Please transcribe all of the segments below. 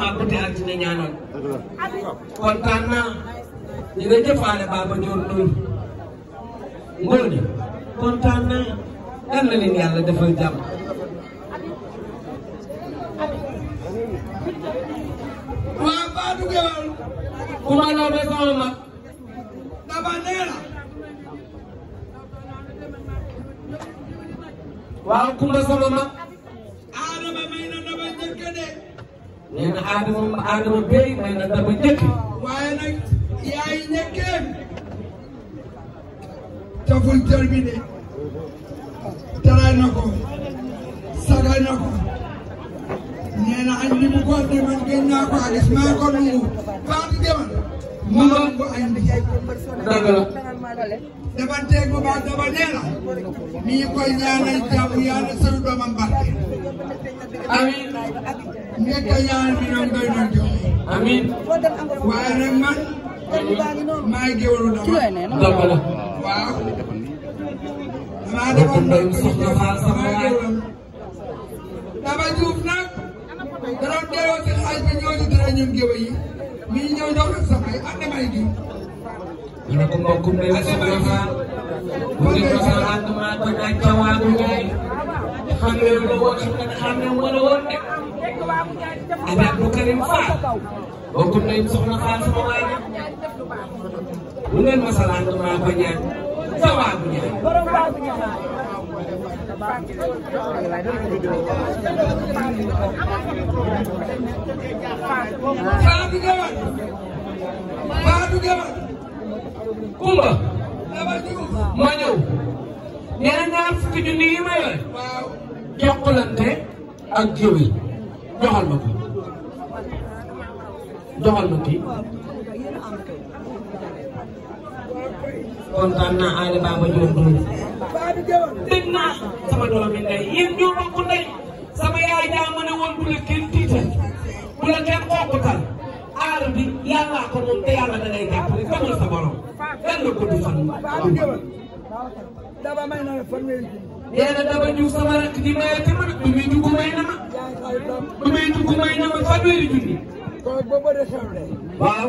màbbati altine ñaanal kontaan naa dina jëfaale Baba Dior Ndoye ngóor gi kontaan naa yal na leen yàlla defal jàmm waa Baadu Géwal ku ma noome sama mag dama nee la waaw kumba sama mag nee na aadama aadama béy may na dama njëkk. waaye nag yaay njëkkee taful terminé taray na ko sagay na ko nee na añ li mu ko demal gën naa ko ak Ismaël ko nungu baatu demal mënoon dëgg la dabanteeg bu baax daba nee na mi ngi koy ñaanal jàmm yàlla sëñ doomam barke amiin mi ngi koy ñaanal bi ñoom doy nañ joxe amiin waaye nag man maa ngi géwalu dama dëgg la waaw damaa defoon mbéyum soxna Fall sama yaay dama juuf nag da doon delloo ci xaaj bi ñoo ci dara ñun géwa yi mi ngi ñëw ñëw rek sax ay at damay ji. ñu ne ko mbokk mi la Sibrata. bu dee ko sa rendement ba ñaaj ca waa bu ñaay. xam nga lu woon xam nga xam ne wala woon de. Adja Abdou Karim Fall. mbokk mi soxna Fall sama waay ji. bu ngeen ma sa rendement ba ñaaj ca waa bu ñaay. Faatu Gabar Faatu Gabar Kumba ma ñëw nee na ñaar fukki junni yi ma yore ak géwél joxal ma ko joxal ma kii kontaan naa Aliou Baba Diop dégg naa sama doomi ndey yéen ñoo bokk ndey sama yaay daa mën a woon bu la kenn tiital bu la kenn xokkutal aar bi yàlla ko moom te yàlla da ngay jàppale gëmal sa borom gan la gudd fan. nee na di maye te man du muy dugg may na ma du muy dugg may na ma fanweeri junni waaw.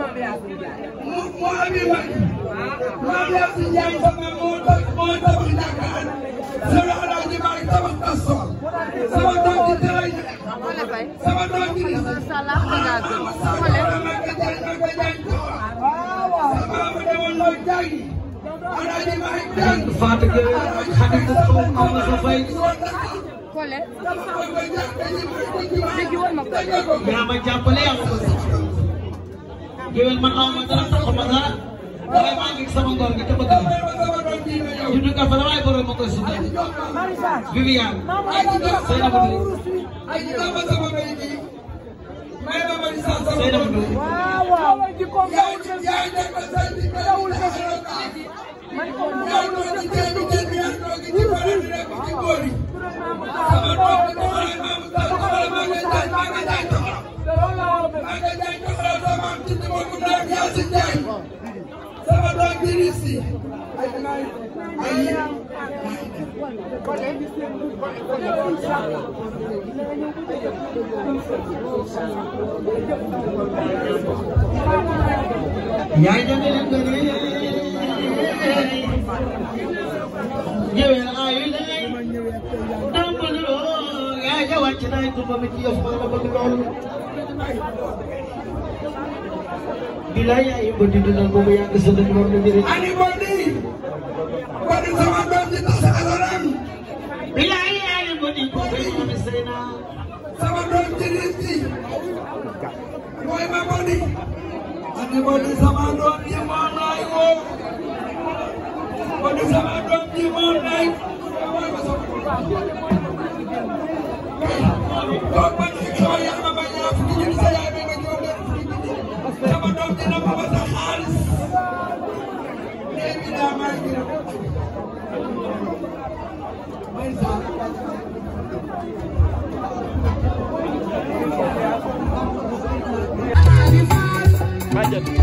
moo amee wax maam Yacine Ndiaye sama moo moo tabax Dakar sama alaaji Maalik tabax Kastoor sama doom ci tëray sama doom ci gis sama Maka Jaañ Maka Jaañ Tawa sama maama demoon loo jàngi alaaji Maalik jàngi alaaji Maalik tabax Kastoor sama ko jàpp dañu ko jàpp dañu ko jàpp géwél man aw ma dara taxaw ma dara waaye maa ngi sama ngor gi te bëgg la. juddu Kapa la waaye borom ma koy suuf rek. Viviane. Seydou Abdou. Seydou Abdou. tudd ma ku doon Yacine Ndiaye sama doom bi Russie ay yaay jënd leen ko ñëwee na ay lay dama ko yaay ja wàcc naa ko ba ci yof ma ko lool bilaay ay mbënd yu dundal boobu yàgg sa dëkk war na njëriñ. ani Bodi. Bodi sama doom ji tas alalam. bilaay ay mbënd yu dundal sama doom ji rëcc. mooy ma Bodi. ani Bodi sama doom ji moo naay woo. budget.